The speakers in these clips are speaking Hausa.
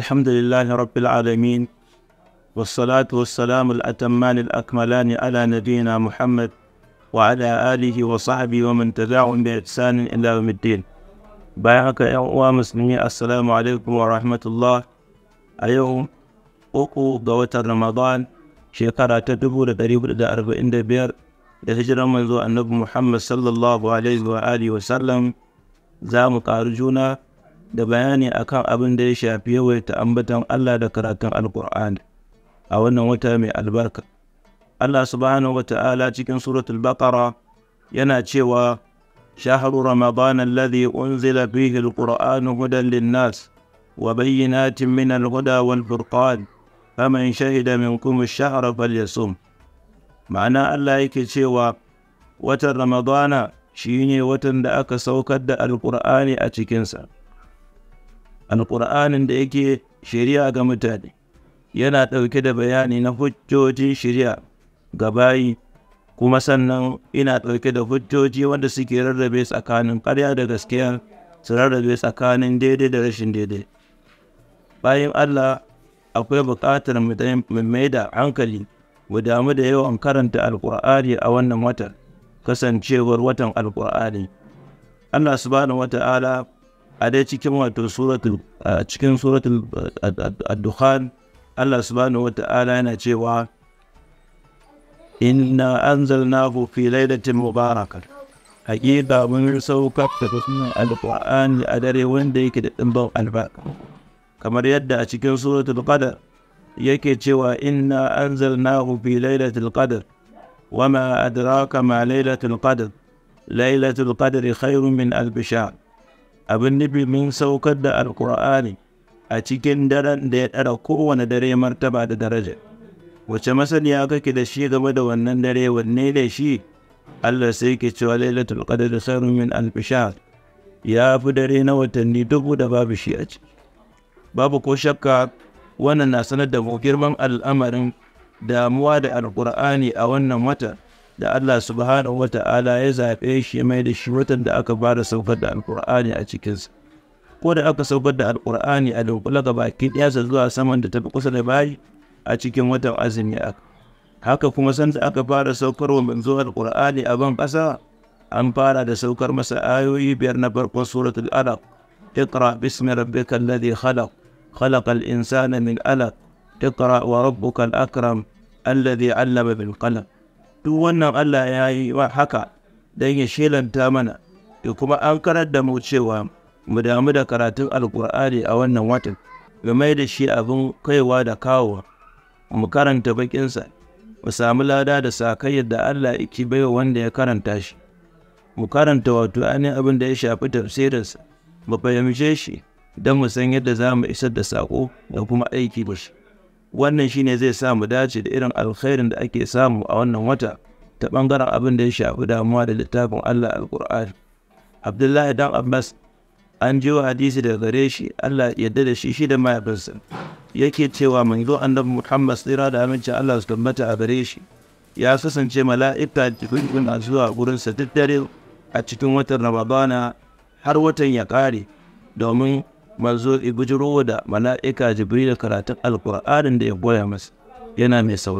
الحمد لله رب العالمين والصلاة والسلام الأتمان الأكملان على نبينا محمد وعلى آله وصحبه ومن تبعهم بإحسان إلى يوم الدين بارك يا أخوة مسلمين السلام عليكم ورحمة الله اليوم أقو قوة رمضان شكرا تدبو لقريب إلى أربعين دبير لهجرة منذ النبي محمد صلى الله عليه وآله وسلم زام قارجونا da bayani akan abin da ya shafi yawaita ambatan Allah da karatun Alƙur'ani a wannan wata mai albarka. Allah subhanahu wa ta'ala cikin suratul Baqara yana cewa shaharu Ramadan alladhi unzila fihi alqur'anu hudan lin wa bayyinatin min al-huda wal-furqan faman shahida minkum ash-shahra falyasum. Ma'ana Allah yake cewa watan Ramadana shine watan da aka saukar da Alƙur'ani a cikinsa. alƙur'anin da yake shari'a ga mutane yana ɗauke da bayani na hujjojin shari'a ga bayi kuma sannan ina ɗauke da hujjoji wanda suke rarrabe tsakanin ƙarya da gaskiya su rarrabe tsakanin daidai da rashin daidai bayan allah akwai buƙatar mu mai da hankali mu damu da yawan karanta alƙur'ani a wannan watan kasancewar watan alƙur'ani allah subhanahu wata'ala a dai cikin wato suratul a cikin suratul ad-dukhan Allah subhanahu wata'ala yana cewa inna anzalnahu fi lailatin mubarakah hakika mun saukar da sunan alqur'ani a dare wanda yake da dimbin albarka kamar yadda a cikin suratul qadar yake cewa inna anzalnahu fi lailatul qadar wama adraka ma lailatul qadar lailatul qadri khairun min alf shahr abin nufi mun saukar da alkur'ani a cikin daren da ya ɗara kowane dare martaba da daraja wace masaniya kake da shi game da wannan dare wanne da shi Allah sai ke cewa lailatul qadr sarun min alf ya fi dare na watanni dubu da babu shi a ciki babu ko shakka wannan na sanar da mu girman al'amarin damuwa da alkur'ani a wannan wata da Allah subhanahu wa ta'ala ya zaɓe shi mai da shirutan da aka bada saukar da alƙur'ani a cikinsa ko da aka saukar da alƙur'ani a dunkula ga baki ɗiyarsa zuwa saman da tafi kusa da bayi a cikin watan azumi aka haka kuma da aka fara saukar wa manzo alƙur'ani a ban ƙasa an fara da saukar masa ayoyi biyar na farkon suratul alaq Iqra bismi ربك الذي khalaq خلق الإنسان من ألق اقرأ وربك الأكرم الذي علم بالقلم duk wannan Allah ya yi wa haka don ya shelanta mana da kuma an karar da mu cewa mu damu da karatun alkur'ani a wannan watan game da shi abin kaiwa da kawowa mu karanta bakinsa mu sami lada da sakayyar yadda Allah yake baiwa wanda ya karanta shi mu karanta wato ani abin da ya shafi tafsirinsa mu fahimce shi don mu san yadda za mu isar da saƙo da kuma aiki ba shi wannan shi ne zai sa mu dace da irin alkhairin da ake samu a wannan wata ta ɓangaren abin da ya shafi damuwa da littafin Allah alƙur'ani Abdullahi dan Abbas an ji wa hadisi da gare shi Allah yadda da shi shi da mahaifinsa yake cewa zo annabi Muhammad tsira da amincin Allah su tabbata a gare shi ya sasance mala'ika jikin a zuwa gurinsa duk dare a cikin watan Ramadana har watan ya kare domin manzo ibujiro da mala'ika jibril karatun alkur'anin da ya goya masa yana mai sa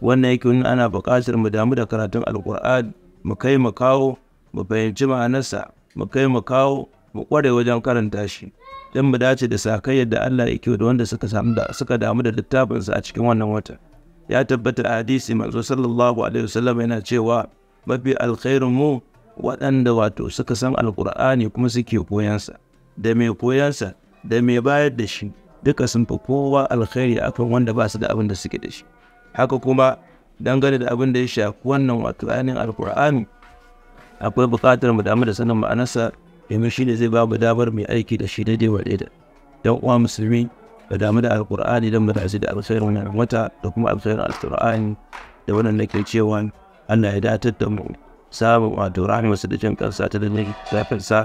wannan yake nuna ana buƙatar mu damu da karatun al'kur'an mu kai mu kawo mu fahimci ma'anarsa mu kai mu kawo mu ƙware wajen karanta shi don mu dace da sakayyar da Allah yake da wanda suka samu da suka damu da littafinsa a cikin wannan wata ya tabbata a hadisi manzo sallallahu alaihi wasallam yana cewa mafi alkhairun mu waɗanda wato suka san alkur'ani kuma suke koyansa da mai koyarsa da mai bayar da shi duka sun fi kowa alkhairi akan wanda ba su da abin da suke da shi haka kuma dangane da abin da ya shafi wannan wato ainihin alkur'ani akwai buƙatar mu damu da sanin ma'anarsa domin shi ne zai ba mu damar mai aiki da shi dai waɗe da don uwa musulmi da damu da alkur'ani don mu da alkhairin wannan wata da kuma alkhairin alkur'ani da wannan nake cewa Allah ya datar da mu samun wato rahmarsa da jin kansa ta da ne sa